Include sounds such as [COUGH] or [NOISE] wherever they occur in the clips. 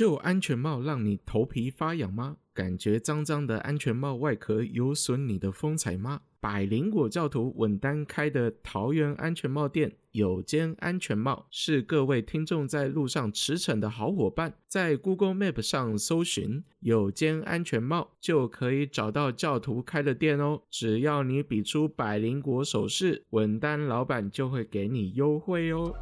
舊安全帽讓你頭皮發癢嗎？感覺髒髒的安全帽外殼有損你的風采嗎？百靈果教徒穩當開的桃園安全帽店有間安全帽是各位聽眾在路上馳騁的好夥伴，在 Google Map 上搜尋有間安全帽就可以找到教徒開的店哦。只要你比出百靈果手勢，穩當老板就會給你優惠哦。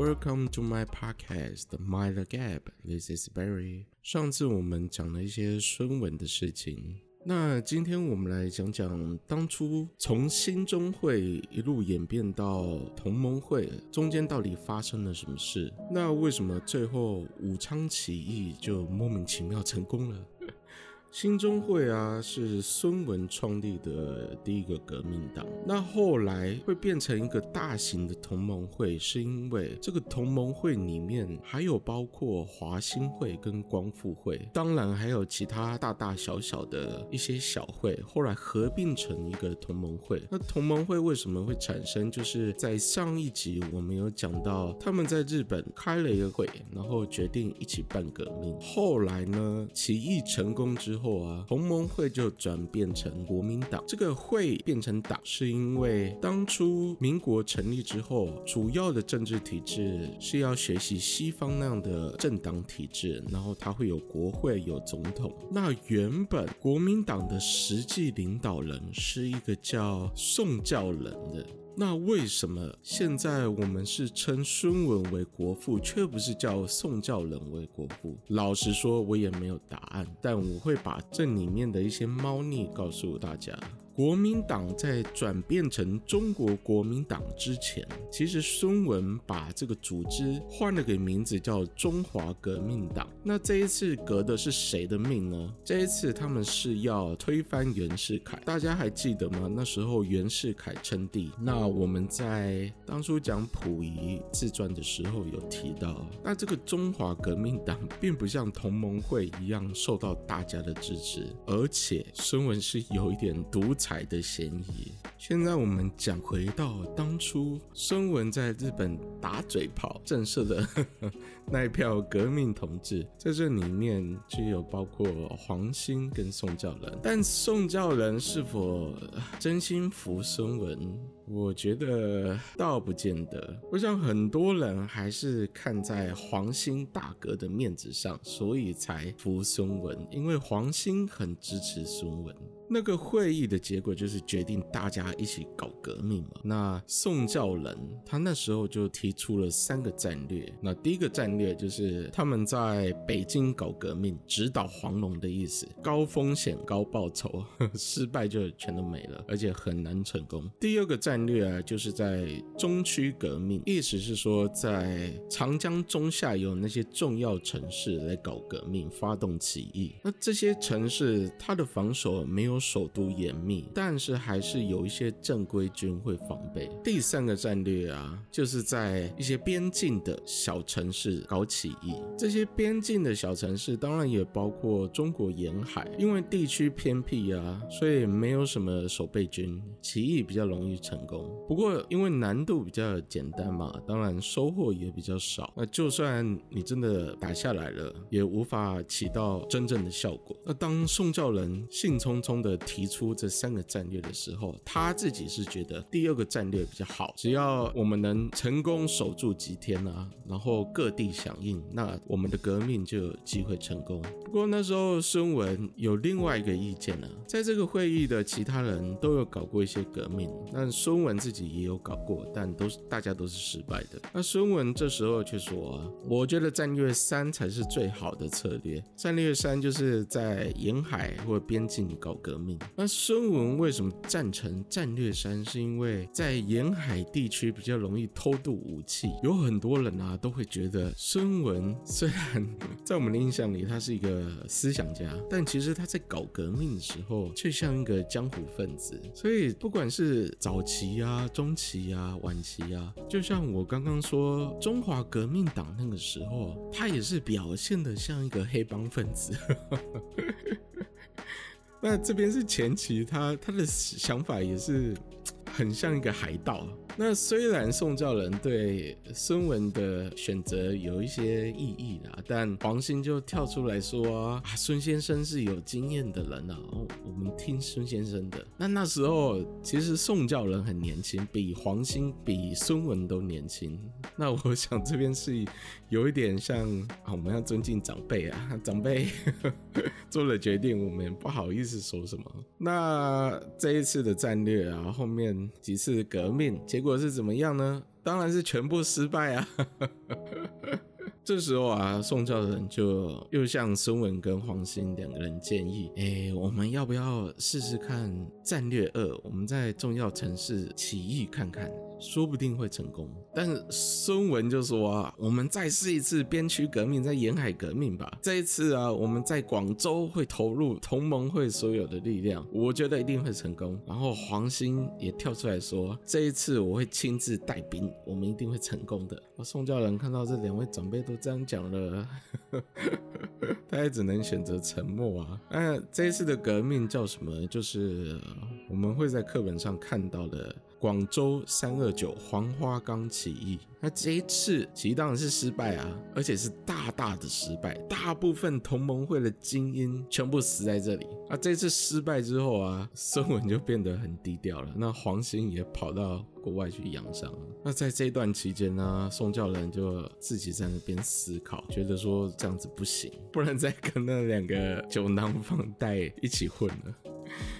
Welcome to my podcast, The Minor Gap. This is Barry。上次我們講了一些孫文的事情，那今天我們來講講當初從興中會一路演變到同盟會，中間到底發生了什麼事？那為什麼最後武昌起義就莫名其妙成功了？興中會啊，是孫文創立的第一個革命黨。那後來會變成一個大型的同盟會，是因為這個同盟會裡面還有包括華興會跟光復會，當然還有其他大大小小的一些小會，後來合併成一個同盟會。那同盟會為什麼會產生？就是在上一集我們有講到，他們在日本開了一個會，然後決定一起辦革命。後來呢，起義成功之後，後啊，同盟會就轉變成國民黨。這個會變成黨，是因為當初民國成立之後，主要的政治體制是要學習西方那樣的政黨體制，然後它會有國會有總統。那原本國民黨的實際領導人是一個叫宋教仁的。那為什麼現在我們是稱孫文為國父，卻不是叫宋教仁為國父？老實說，我也沒有答案，但我會把這裡面的一些貓膩告訴大家。國民黨在轉變成中國國民黨之前，其實孫文把這個組織換了個名字，叫中華革命黨。那這一次革的是誰的命呢？這一次他們是要推翻袁世凱。大家還記得嗎？那時候袁世凱稱帝。那我們在當初講溥儀自傳的時候有提到，那這個中華革命黨並不像同盟會一樣受到大家的支持，而且孫文是有一點獨裁的嫌疑。現在我們講回到當初，孫文在日本打嘴炮，震懾的。那一票革命同志在這裡面就有包括黃興跟宋教仁，但宋教仁是否真心服孫文？我覺得倒不見得。我想很多人還是看在黃興大哥的面子上，所以才服孫文，因為黃興很支持孫文。那個會議的結果就是決定大家一起搞革命嘛。那宋教仁他那時候就提出了三個戰略，那第一個戰略。就是他們在北京搞革命，直搗黃龍的意思，高風險，高報酬，呵呵，失敗就全都沒了，而且很難成功。第二個戰略啊，就是在中區革命，意思是說在長江中下游那些重要城市來搞革命，發動起義。那這些城市它的防守沒有首都嚴密，但是還是有一些正規軍會防備。第三個戰略啊，就是在一些邊境的小城市，搞起義，這些邊境的小城市當然也包括中國沿海，因為地區偏僻啊，所以沒有什麼守備軍，起義比較容易成功。不過因為難度比較簡單嘛，當然收穫也比較少。那就算你真的打下來了，也無法起到真正的效果。那當宋教仁興沖沖地提出這三個戰略的時候，他自己是覺得第二個戰略比較好，只要我們能成功守住幾天啊，然後各地。響應，那我們的革命就有機會成功。不過那時候孫文有另外一個意見呢啊，在這個會議的其他人都有搞過一些革命，但孫文自己也有搞過，但都是大家都是失敗的。那孫文這時候卻說啊：“我覺得戰略三才是最好的策略。戰略三就是在沿海或邊境搞革命。那孫文為什麼贊成戰略三？是因為在沿海地區比較容易偷渡武器，有很多人啊都會覺得。”孫文雖然在我們的印象裡他是一個思想家，但其實他在搞革命的時候卻像一個江湖分子。所以不管是早期啊、中期啊、晚期啊，就像我剛剛說中華革命黨那個時候，他也是表現得像一個黑幫分子。 [LAUGHS] 那這邊是前期他，他他的想法也是很像一個海盜。那雖然宋教仁對孫文的選擇有一些異議啦，但黃興就跳出來說啊，啊，孫先生是有經驗的人吶，啊，我們聽孫先生的。那那時候其實宋教仁很年輕，比黃興、比孫文都年輕。那我想這邊是。有一點像、啊，我們要尊敬長輩啊，長輩 [LAUGHS] 做了決定，我們不好意思說什麼。那這一次的戰略啊，後面幾次革命結果是怎麼樣呢？當然是全部失敗啊。 [LAUGHS] 這時候啊，宋教仁就又向孫文跟黃興兩個人建議，哎、欸，我們要不要試試看戰略二？我們在重要城市起義看看。說不定會成功，但是孫文就說啊，我們再試一次邊區革命，在沿海革命吧。這一次啊，我們在廣州會投入同盟會所有的力量，我覺得一定會成功。然後黃興也跳出來說，這一次我會親自帶兵，我們一定會成功的。哦、宋教仁看到這兩位長輩都這樣講了，他 [LAUGHS] 也只能選擇沉默啊。那、啊、這一次的革命叫什麼？就是我們會在課本上看到的。廣州三二九黃花崗起義，那這一次起義當然是失敗啊，而且是大大的失敗，大部分同盟會的精英全部死在這裡。那這次失敗之後啊，孫文就變得很低調了，那黃興也跑到國外去養傷了。那在這段期間呢，啊，宋教仁就自己在那邊思考，覺得說這樣子不行，不能再跟那兩個酒囊飯袋一起混了。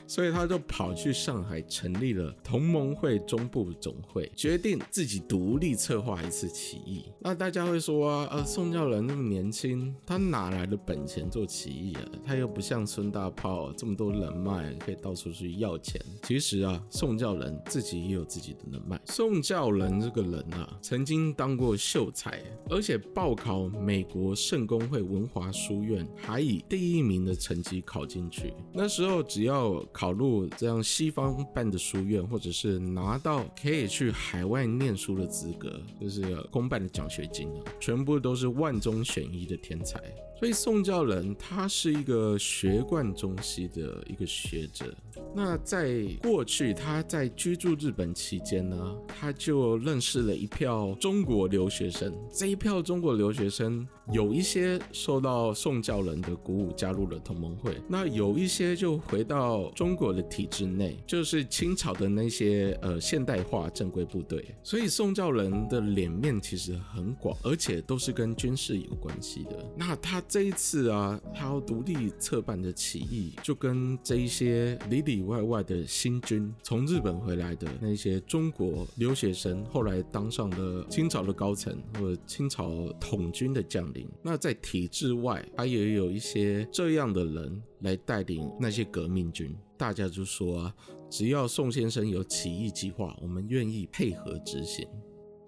所以他就跑去上海成立了同盟會中部總會，決定自己獨立策劃一次起義。那大家會說啊，呃，宋教仁那麼年輕，他哪來的本錢做起義啊？他又不像孫大炮這麼多人脈，可以到處去要錢。其實啊，宋教仁自己也有自己的人脈。宋教仁這個人啊，曾經當過秀才，而且報考美國聖公會文華書院，還以第一名的成績考進去。那時候只要考入這樣西方辦的書院，或者是拿到可以去海外念書的資格，就是公辦的獎學金，全部都是萬中選一的天才。所以宋教仁他是一個學貫中西的一個學者。那在過去他在居住日本期間呢，他就認識了一票中國留學生。這一票中國留學生有一些受到宋教仁的鼓舞，加入了同盟會。那有一些就回到到中國的體制內就是清朝的那些呃現代化正規部隊，所以宋教仁的臉面其實很廣，而且都是跟軍事有關係的。那他這一次啊，他要獨立策辦的起義，就跟這一些裡裡外外的新軍，從日本回來的那些中國留學生，後來當上了清朝的高層或者清朝統軍的將領。那在體制外，他也有一些這樣的人。來帶領那些革命軍，大家就說啊，只要宋先生有起義計劃，我們願意配合執行。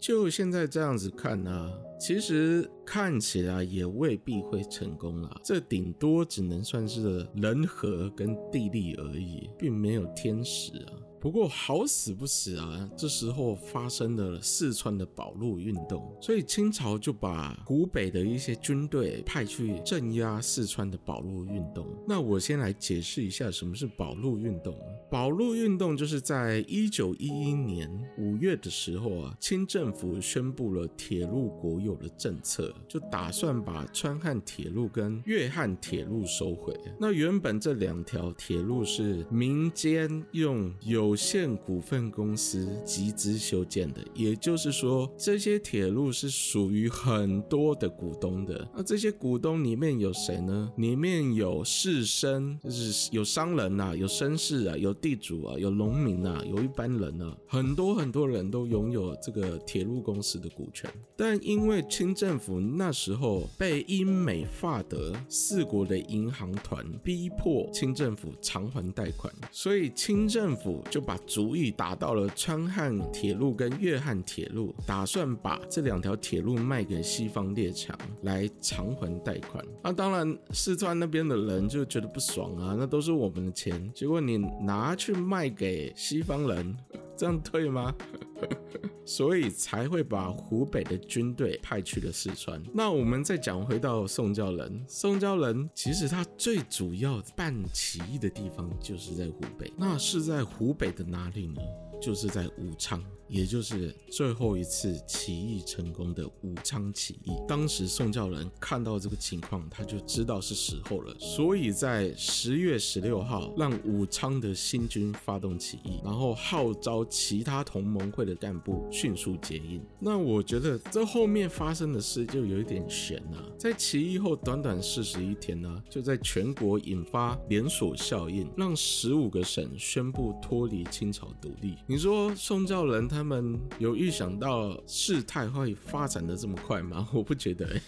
就現在這樣子看呢、啊，其實看起來也未必會成功了、啊，這頂多只能算是人和跟地利而已，並沒有天時啊。不過好死不死啊！這時候發生了四川的保路運動，所以清朝就把湖北的一些軍隊派去鎮壓四川的保路運動。那我先來解釋一下什麼是保路運動。保路運動就是在一九一一年五月的時候啊，清政府宣布了鐵路國有的政策，就打算把川漢鐵路跟粵漢鐵路收回。那原本這兩條鐵路是民間擁有。有限股份公司集資修建的，也就是說，這些鐵路是屬於很多的股東的。那、啊、這些股東裡面有誰呢？裡面有士紳，就是有商人吶、啊，有紳士啊，有地主啊，有農民啊，有一般人啊。很多很多人都擁有這個鐵路公司的股權。但因為清政府那時候被英美法德四國的銀行團逼迫清政府償還貸款，所以清政府就。把主意打到了川漢鐵路跟粵漢鐵路，打算把這兩條鐵路賣給西方列強來償還貸款。那、啊、當然，四川那邊的人就覺得不爽啊，那都是我們的錢，結果你拿去賣給西方人。這樣對嗎？ [LAUGHS] 所以才會把湖北的軍隊派去了四川。那我們再講回到宋教仁，宋教仁其實他最主要辦起義的地方就是在湖北，那是在湖北的哪裡呢？就是在武昌。也就是最後一次起義成功的武昌起義，當時宋教仁看到這個情況，他就知道是時候了，所以在十月十六號讓武昌的新軍發動起義，然後號召其他同盟會的幹部迅速接應。那我覺得這後面發生的事就有一點懸了，在起義後短短四十一天呢，就在全國引發連鎖效應，讓十五個省宣布脫離清朝獨立。你說宋教仁他？他們有預想到事態會發展得這麼快嗎？我不覺得、欸。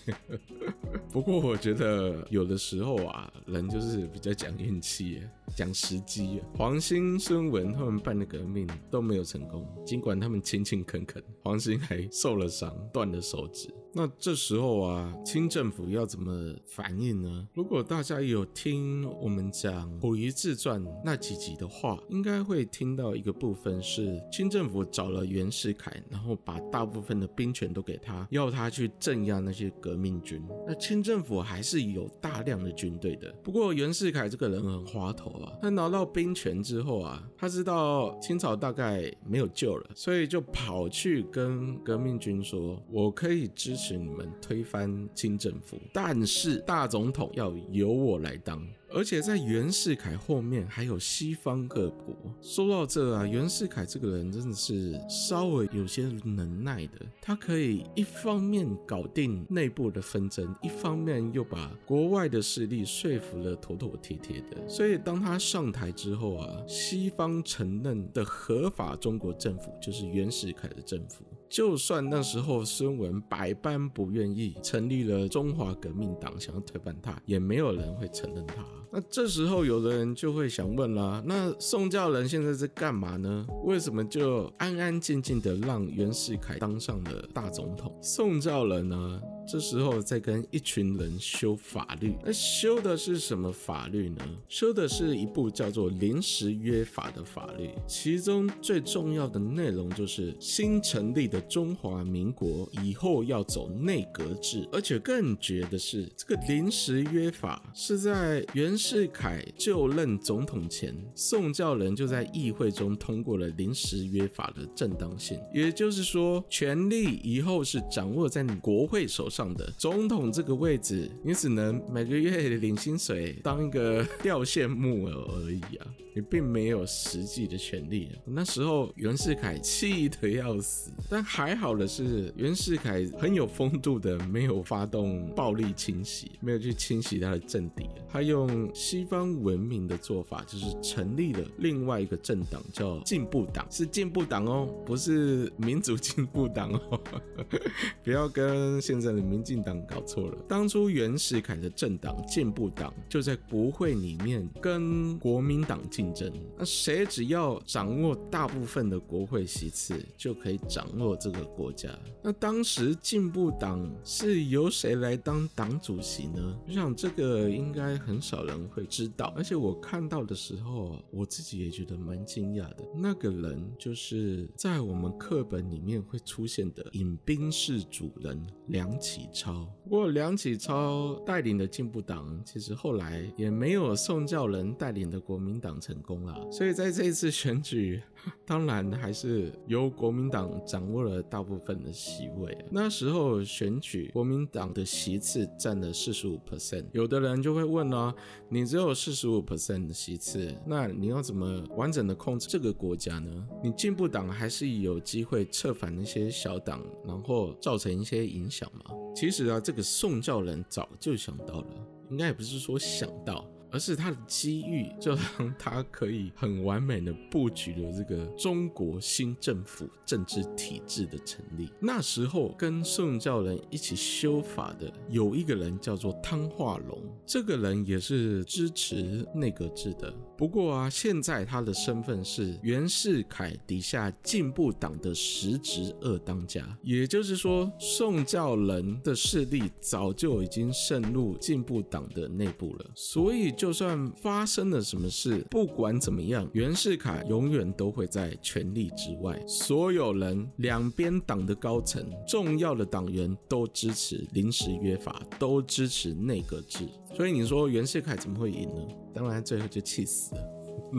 [LAUGHS] 不過我覺得有的時候啊，人就是比較講運氣、啊、講時機、啊。黃興、孫文他們辦的革命都沒有成功，儘管他們勤勤懇懇，黃興還受了傷，斷了手指。那這時候啊，清政府要怎麼反應呢？如果大家有聽我們講《溥儀自傳》那幾集的話，應該會聽到一個部分是，清政府找了袁世凱，然後把大部分的兵權都給他，要他去鎮壓那些革命軍。那清政府還是有大量的軍隊的。不過袁世凱這個人很滑頭啊，他拿到兵權之後啊，他知道清朝大概沒有救了，所以就跑去跟革命軍說：“我可以支持。”是你們推翻清政府，但是大總統要由我來當，而且在袁世凱後面還有西方各國。說到這啊，袁世凱這個人真的是稍微有些能耐的，他可以一方面搞定內部的紛爭，一方面又把國外的勢力說服了妥妥帖帖的。所以當他上台之後啊，西方承認的合法中國政府就是袁世凱的政府。就算那時候孫文百般不願意，成立了中華革命黨，想要推翻他，也沒有人會承認他。那這時候，有的人就會想問啦，那宋教仁現在在幹嘛呢？為什麼就安安靜靜的讓袁世凱當上了大總統？宋教仁呢？這時候在跟一群人修法律。那修的是什麼法律呢？修的是一部叫做《臨時約法》的法律。其中最重要的內容就是新成立的中華民國以後要走內閣制，而且更絕的是，這個《臨時約法》是在袁。袁世凱就任總統前，宋教仁就在議會中通過了臨時約法的正當性，也就是說，權力以後是掌握在你國會手上的，總統這個位置，你只能每個月領薪水，當一個掉線木偶而已啊，你並沒有實際的權利啊。那時候袁世凱氣得要死，但還好的是，袁世凱很有風度的，沒有發動暴力清洗，沒有去清洗他的政敵啊，他用。西方文明的做法就是成立了另外一個政黨，叫進步黨，是進步黨哦，不是民主進步黨哦， [LAUGHS] 不要跟現在的民進黨搞錯了。當初袁世凱的政黨進步黨就在國會裡面跟國民黨競爭，那誰只要掌握大部分的國會席次，就可以掌握這個國家。那當時進步黨是由誰來當黨主席呢？我想這個應該很少人。會知道，而且我看到的時候我自己也覺得蠻驚訝的。那個人就是在我們課本裡面會出現的飲冰室主人梁啟超。不過梁啟超帶領的進步黨，其實後來也沒有宋教仁帶領的國民黨成功了。所以在這一次選舉。當然，還是由國民黨掌握了大部分的席位。那時候選舉，國民黨的席次佔了四十五 percent。有的人就會問了、啊：你只有四十五 percent 的席次，那你要怎麼完整的控制這個國家呢？你進步黨還是有機會策反那些小黨，然後造成一些影響嗎？其實啊，這個宋教仁早就想到了，應該也不是說想到。而是他的機遇，就讓他可以很完美的布局了這個中國新政府政治體制的成立。那時候跟宋教仁一起修法的有一個人叫做湯化龍，這個人也是支持內閣制的。不過啊，現在他的身份是袁世凱底下進步黨的實質二當家，也就是說，宋教仁的勢力早就已經滲入進步黨的內部了。所以，就算發生了什麼事，不管怎麼樣，袁世凱永遠都會在權力之外。所有人，兩邊黨的高層、重要的黨員都支持臨時約法，都支持內閣制。所以你說袁世凱怎麼會贏呢？當然最後就氣死了。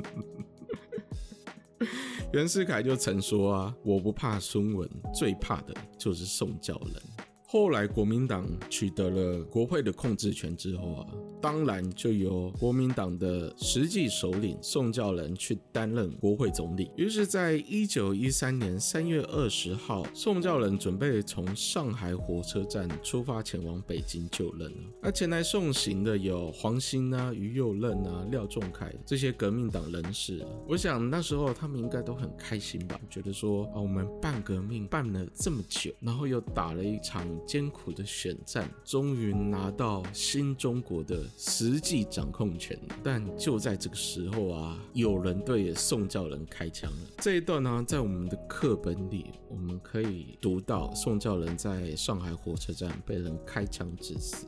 [LAUGHS] 袁世凱就曾說啊：“我不怕孫文，最怕的就是宋教仁。”後來國民黨取得了國會的控制權之後啊，當然就由國民黨的實際首領宋教仁去擔任國會總理。於是，在一九一三年三月二十號，宋教仁準備從上海火車站出發前往北京就任啊。而前來送行的有黃興啊、於右任啊、廖仲愷這些革命黨人士啊。我想那時候他們應該都很開心吧，覺得說啊，我們辦革命辦了這麼久，然後又打了一場。艱苦的選戰，終於拿到新中國的實際掌控權。但就在這個時候啊，有人對宋教仁開槍了。這一段呢、啊，在我們的課本裡，我們可以讀到宋教仁在上海火車站被人開槍致死。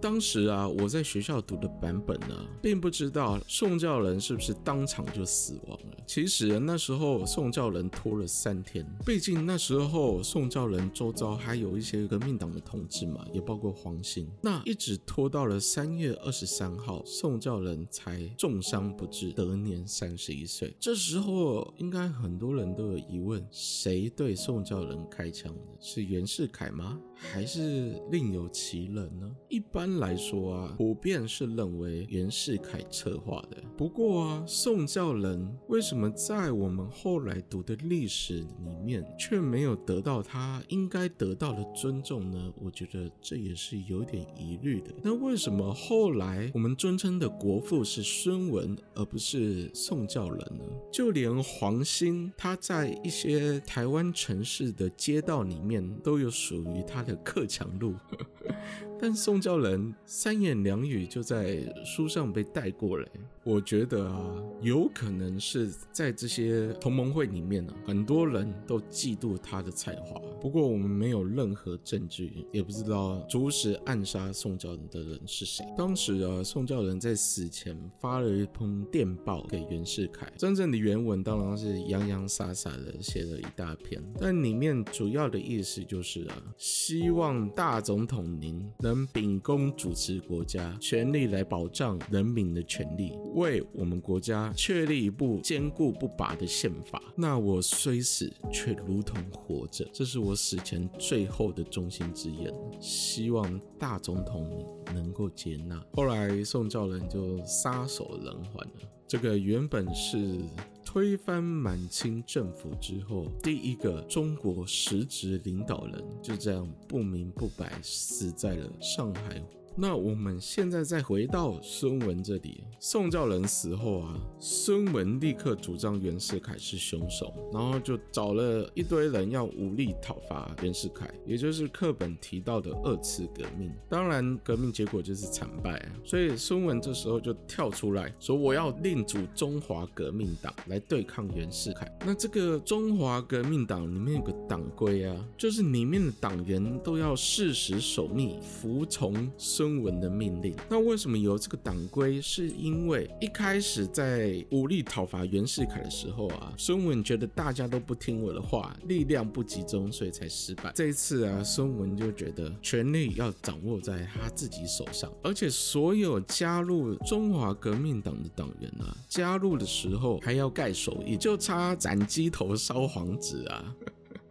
當時啊，我在學校讀的版本呢、啊，並不知道宋教仁是不是當場就死亡了。其實那時候宋教仁拖了三天，畢竟那時候宋教仁周遭還有一些革命黨的同志嘛，也包括黃興，那一直拖到了三月二十三號，宋教仁才重傷不治，得年三十一歲。這時候應該很多人都有疑問：誰對宋教仁開槍呢？是袁世凱嗎？還是另有其人呢？一般來說啊，普遍是認為袁世凱策劃的。不過啊，宋教仁為什麼在我們後來讀的歷史裡面卻沒有得到他應該得到的尊重呢？我覺得這也是有點疑慮的。那為什麼後來我們尊稱的國父是孫文而不是宋教仁呢？就連黃興，他在一些台灣城市的街道裡面都有屬於他的。的克強路， [LAUGHS] 但宋教仁三言兩語就在書上被帶過來。我覺得啊，有可能是在這些同盟會裡面呢、啊，很多人都嫉妒他的才華。不過我們沒有任何證據，也不知道主使暗殺宋教仁的人是誰。當時啊，宋教仁在死前發了一通電報給袁世凱，真正的原文當然是洋洋灑灑的寫了一大篇，但裡面主要的意思就是啊，希望大總統您能秉公主持國家權力，來保障人民的權利，為我們國家確立一部堅固不拔的憲法。那我雖死，卻如同活着。這是我。我死前最後的忠心之言，希望大總統能夠接納。後來宋教仁就撒手人寰了。這個原本是推翻滿清政府之後第一個中國實質領導人，就這樣不明不白死在了上海。那我們現在再回到孫文這裡，宋教仁死後啊，孫文立刻主張袁世凱是凶手，然後就找了一堆人要武力討伐袁世凱，也就是課本提到的二次革命。當然，革命結果就是慘敗啊，所以孫文這時候就跳出來說，我要另組中華革命黨來對抗袁世凱。那這個中華革命黨裡面有個黨規啊，就是裡面的黨員都要誓死守密，服從孫。孫文的命令，那為什麼有這個黨規？是因為一開始在武力討伐袁世凱的時候啊，孫文覺得大家都不聽我的話，力量不集中，所以才失敗。這一次啊，孫文就覺得權力要掌握在他自己手上，而且所有加入中華革命黨的黨員啊，加入的時候還要蓋手印，就差斬雞頭燒黃紙啊。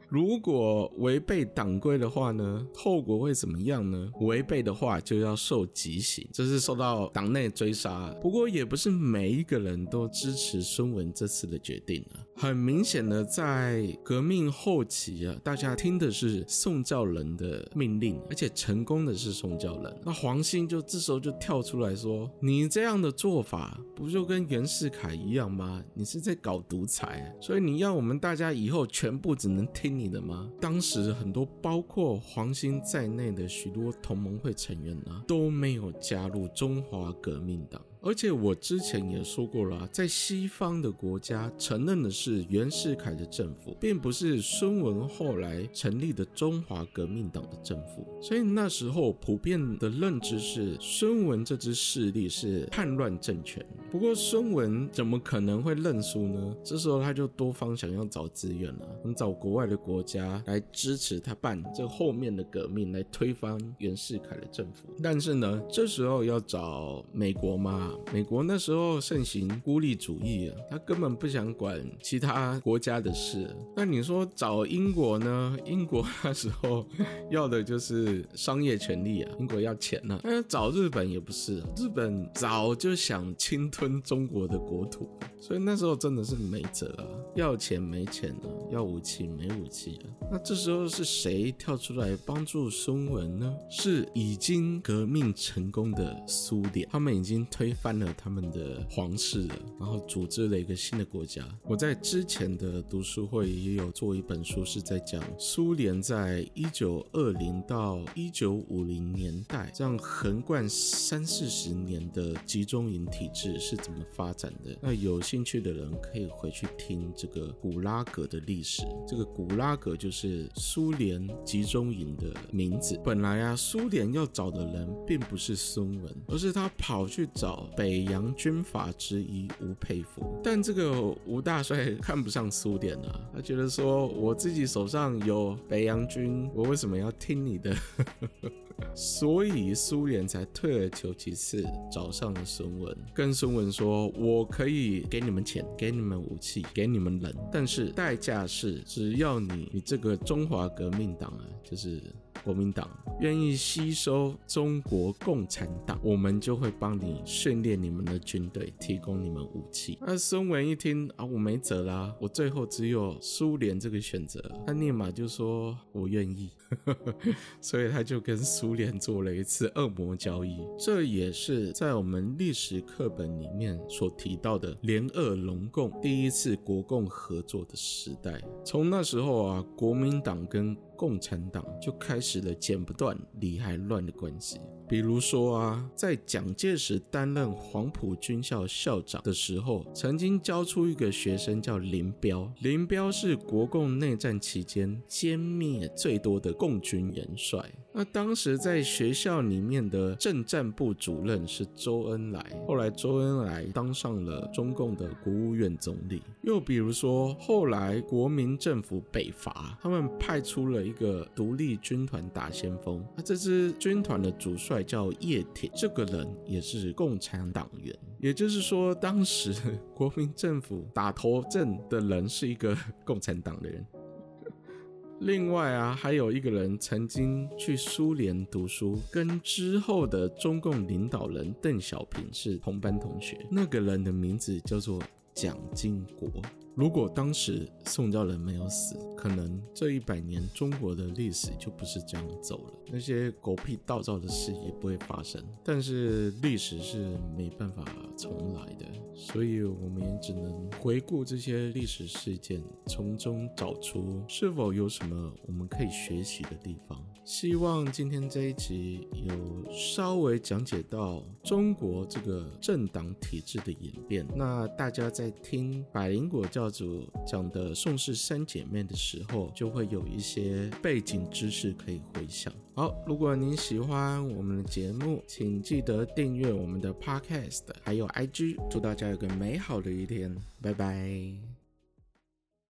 如果違背黨規的話呢，後果會怎麼樣呢？違背的話就要受極刑，這就是受到黨內追殺。不過也不是每一個人都支持孫文這次的決定啊。很明顯的，在革命後期啊，大家聽的是宋教仁的命令，而且成功的是宋教仁。那黃興就這時候就跳出來說：“你這樣的做法，不就跟袁世凱一樣嗎？你是在搞獨裁，所以你要我們大家以後全部只能聽你的嗎？”當時很多，包括黃興在內的許多同盟會成員呢、啊，都沒有加入中華革命黨。而且我之前也說過了啊，在西方的國家承認的是袁世凱的政府，並不是孫文後來成立的中華革命黨的政府。所以那時候普遍的認知是孫文這支勢力是叛亂政權。不過孫文怎麼可能會認輸呢？這時候他就多方想要找資源了啊，找國外的國家來支持他辦這後面的革命，來推翻袁世凱的政府。但是呢，這時候要找美國嘛？美國那時候盛行孤立主義啊，他根本不想管其他國家的事，啊。那你說找英國呢？英國那時候 [LAUGHS] 要的就是商業權利啊，英國要錢，啊、但那找日本也不是、啊，日本早就想侵吞中國的國土，啊，所以那時候真的是沒轍啊，要錢沒錢呢，啊，要武器沒武器啊。那這時候是誰跳出來幫助孫文呢？是已經革命成功的蘇聯，他們已經推翻。搬了他們的皇室了，然後組織了一個新的國家。我在之前的讀書會也有做一本書，是在講蘇聯在一九二零到一九五零年代這樣橫貫三四十年的集中營體制是怎麼發展的。那有興趣的人可以回去聽這個古拉格的歷史。這個古拉格就是蘇聯集中營的名字。本來啊，蘇聯要找的人並不是孫文，而是他跑去找。北洋軍閥之一吳佩孚，但這個吳大帥看不上蘇聯啊，他覺得說我自己手上有北洋軍，我為什麼要聽你的？ [LAUGHS] 所以蘇聯才退而求其次，找上了孫文，跟孫文說：“我可以給你們錢，給你們武器，給你們人，但是代價是只要你你這個中華革命黨啊，就是，”國民黨願意吸收中國共產黨，我們就會幫你訓練你們的軍隊，提供你們武器。那、啊、孫文一聽啊，我沒轍啦，我最後只有蘇聯這個選擇。他立馬就說：“我願意。 [LAUGHS] ”所以他就跟蘇聯做了一次惡魔交易。這也是在我們歷史課本裡面所提到的“聯俄、容共”第一次國共合作的時代。從那時候啊，國民黨跟共產黨就開始了剪不斷、理還亂的關係。比如說啊，在蔣介石擔任黃埔軍校校長的時候，曾經教出一個學生叫林彪。林彪是國共內戰期間殲滅最多的共軍元帥。那當時在學校裡面的政戰部主任是周恩來。後來周恩來當上了中共的國務院總理。又比如說，後來國民政府北伐，他們派出了。一個獨立軍團打先鋒，這支軍團的主帥叫葉挺。這個人也是共產黨員，也就是說，當時國民政府打頭陣的人是一個共產黨的人。另外啊，還有一個人曾經去蘇聯讀書，跟之後的中共領導人鄧小平是同班同學，那個人的名字叫做蔣經國。如果當時宋教仁沒有死，可能這一百年中國的歷史就不是這樣走了，那些狗屁倒灶的事也不會發生。但是歷史是沒辦法重來的，所以我們也只能回顧這些歷史事件，從中找出是否有什麼我們可以學習的地方。希望今天這一集有稍微講解到中國這個政黨體制的演變。那大家在聽百靈果教主講的宋氏三姐妹的時候，就會有一些背景知識可以回想。好，如果您喜歡我們的節目，請記得訂閱我們的 Podcast，還有 IG。祝大家有個美好的一天，拜拜。